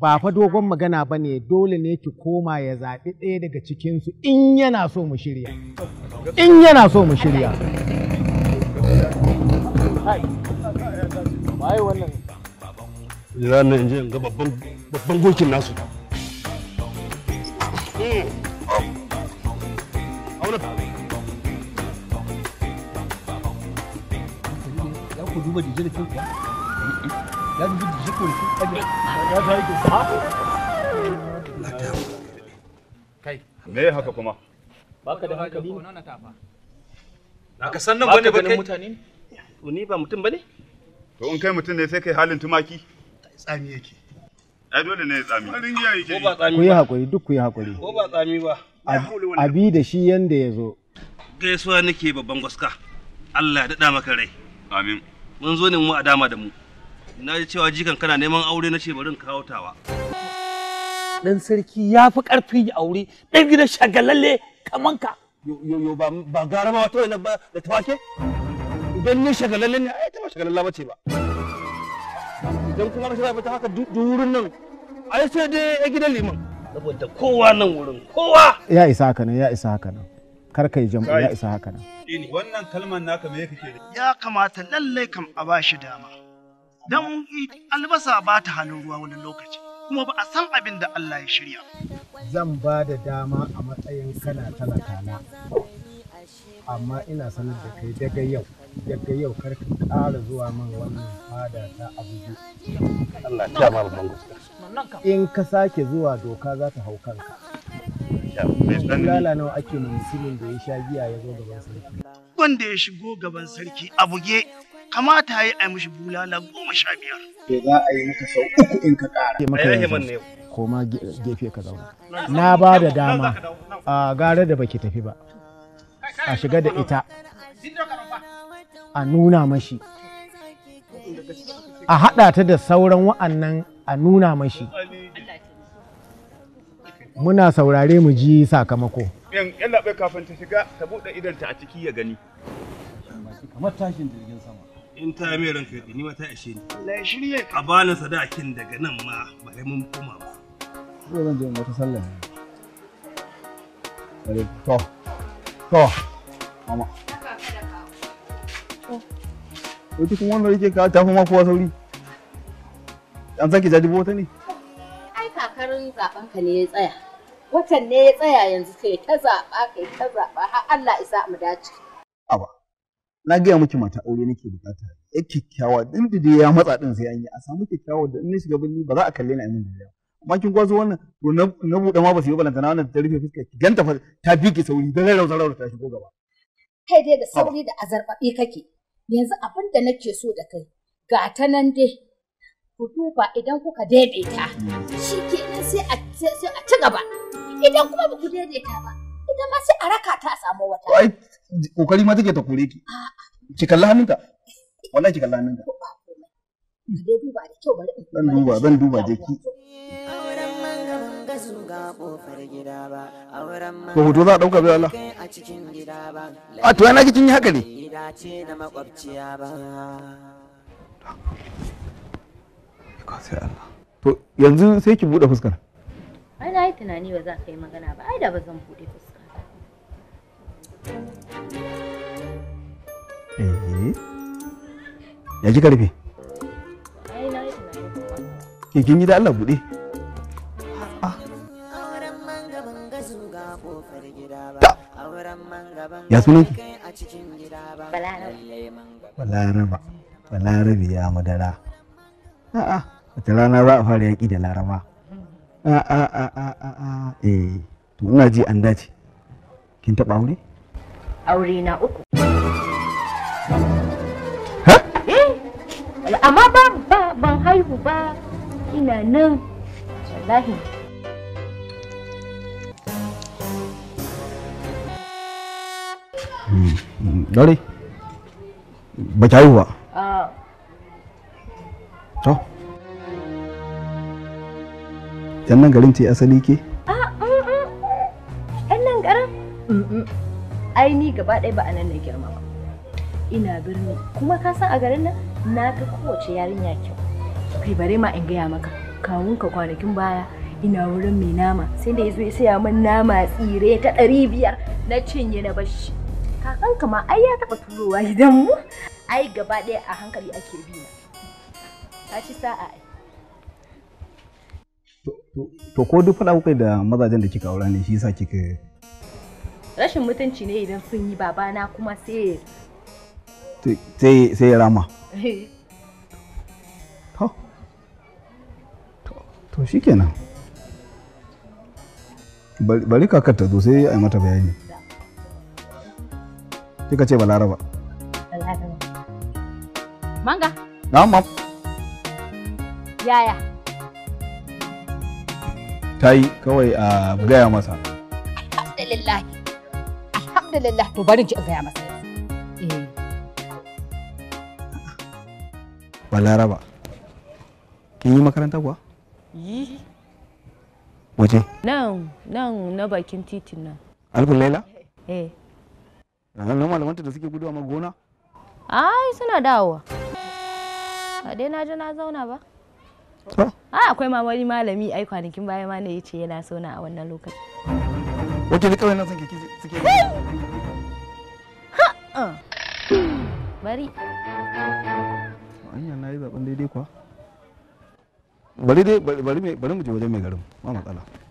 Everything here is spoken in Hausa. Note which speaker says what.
Speaker 1: Ba fa dogon magana ba ne dole ne ki koma ya zaɓi ɗaya daga cikinsu in yana so mu shirya. In yana so mu shirya. Ranar in in ga babban gokin nasu. Ya hmm. ku duba da ku? Lan bir dişi kurşun. Hadi. Ya haka kuma? Baka da hankali ne. Baka ba kai. mutane ne? Ni ba To in kai mutum ne sai kai halin tumaki. Tsami yake. Ai dole ne tsami. giya yake. Ko ba tsami. Ku yi hakuri duk ku yi hakuri. Ko ba tsami ba. Abi da shi yanda ya zo. Gaisuwa nake babban gwaska. Allah ya dada maka rai. Amin. Mun zo ne mu a dama da mu. na ji cewa jikan kana neman aure na ce bari in kawo tawa dan sarki ya fi karfi ya aure dan gidan shagalalle kaman ka yo yo ba ba gara ma wato ina ba da tawake idan ni shagalalle ne ai ta ba shagalalla bace ba idan kuma ka shagalalla ta haka durin nan ai sai dai a gidan liman saboda kowa nan wurin kowa ya isa haka nan ya isa haka nan kar kai jam'u ya isa haka nan wannan kalmar naka me kake ya kamata lalle kam a bashi dama don albasa ba ta halin ruwa wani lokaci kuma ba a san abin da Allah ya shirya. Zan ba da dama a matsayin kana talaka na. amma ina sanar da kai daga yau, daga yau kar ka ƙara zuwa min wannan fada ta Abuja. Allah ta In ka sake zuwa doka za ta hau kanka. Lala nawa ake musulun da ya sha giya ya zo gaban sarki. Wanda ya shigo gaban sarki a buge kamata ya yi mishi bulala goma sha biyar. Ke eh, za a yi maka sau uku in ka ƙara. ma gefe ka zauna. Na ba da dama a gare da baki tafi ba. A shiga da ita. A nuna mashi. A haɗa ta da sauran wa'annan a nuna mashi. Muna saurare mu ji sakamako. Yan kafin ta shiga ta buɗe idanta a ciki ya gani. Kamar tashin jirgin sama. in ta mai ranka ni ma ta ishe ni Allah ya shirye ka a bani sadakin daga nan ma ba sai mun koma ba ko zan je wata sallah ne to to mama ko duk wannan yake ka tafi ma kowa sauri. An zaki jaji bota ne? Ai kakarin zaben ka ne ya tsaya. Watan ne ya tsaya yanzu kai ta zaba kai ta zaba har Allah isa mu dace. Aba. na gaya miki mata aure nake bukata ya kyakkyawa din da ya matsa din sai an yi a samu kyakkyawa da in shiga birni ba za a kalle na min da amma kin gwazo wannan to na buɗe ma ba su yi balanta na wannan ta rufe fuska ki ganta fa ta fi ki sauri da rarrau zarau ta shigo gaba kai dai da sauri da azarbabe kake yanzu abin da nake so da kai ga ta nan dai ku duba idan kuka daidaita shi ke sai a sai a ci gaba idan kuma ba ku daidaita ba idan ma sai a raka ta a samu wata kokari ma take ta kore ki ki kalli hannunka wallahi ki kalli hannunka zan duba zan duba je ki
Speaker 2: ba hoto za a ɗauka bai Allah
Speaker 1: a to yana kicin yi haka ne to yanzu sai ki buɗe fuskar ai na yi tunani ba za ka yi magana ba ai da ba zan buɗe fuskar Eh? Ya ji karfe? Ai na yi eh, kin yi da Allah buɗe. Ah. Ya sunan ki? Balaraba. Balarabe ya madara. A'a, wata rana za a fara yaƙi da Laraba. A'a, a'a, a'a, eh, to ina ji an dace. Kin taɓa aure? aure na uku eh? amma ba ba ban haihu ba ina nan wallahi Dore, hmm. ba ki haihu ba? Ah. To, yan nan garin ce asali ke? aini gaba ɗaya ba a nan na girma ba ina birni kuma ka san a garin nan na ga kowace yarinya kyau kai bare ma in gaya maka kawun ka kwanakin baya ina wurin mai nama sai da ya ya saya min nama tsire ta ɗari biyar na cinye na bashi kakanka ma ai ya taɓa turowa gidan mu ai gaba ɗaya a hankali ake bi na ta ci sa'a ai to ko duk faɗa kuka da mazajen da kika aura ne shi yasa kika rashin mutunci ne idan sun yi babana kuma sai sai ya rama to shi kenan bari kakar ta zo sai a mata bayani kika ce balaraba manga na'am mam yaya ta yi kawai a gaya masa alhamdulillah alhamdulillah to bari ji in gaya masa eh balaraba kin yi makaranta kuwa yi waje nan nan na bakin titin nan albin laila eh nan malamanta da suke gudu a gona ai suna dawowa a dai na je na zauna ba Ha akwai ma wani malami ai kwanakin baya ma ne ya ce yana zauna a wannan lokacin. wace da kawai nan sun kiki suke bari anya na yi zaben daidai kuwa bari dai bari mu je wajen mai garin ba matsala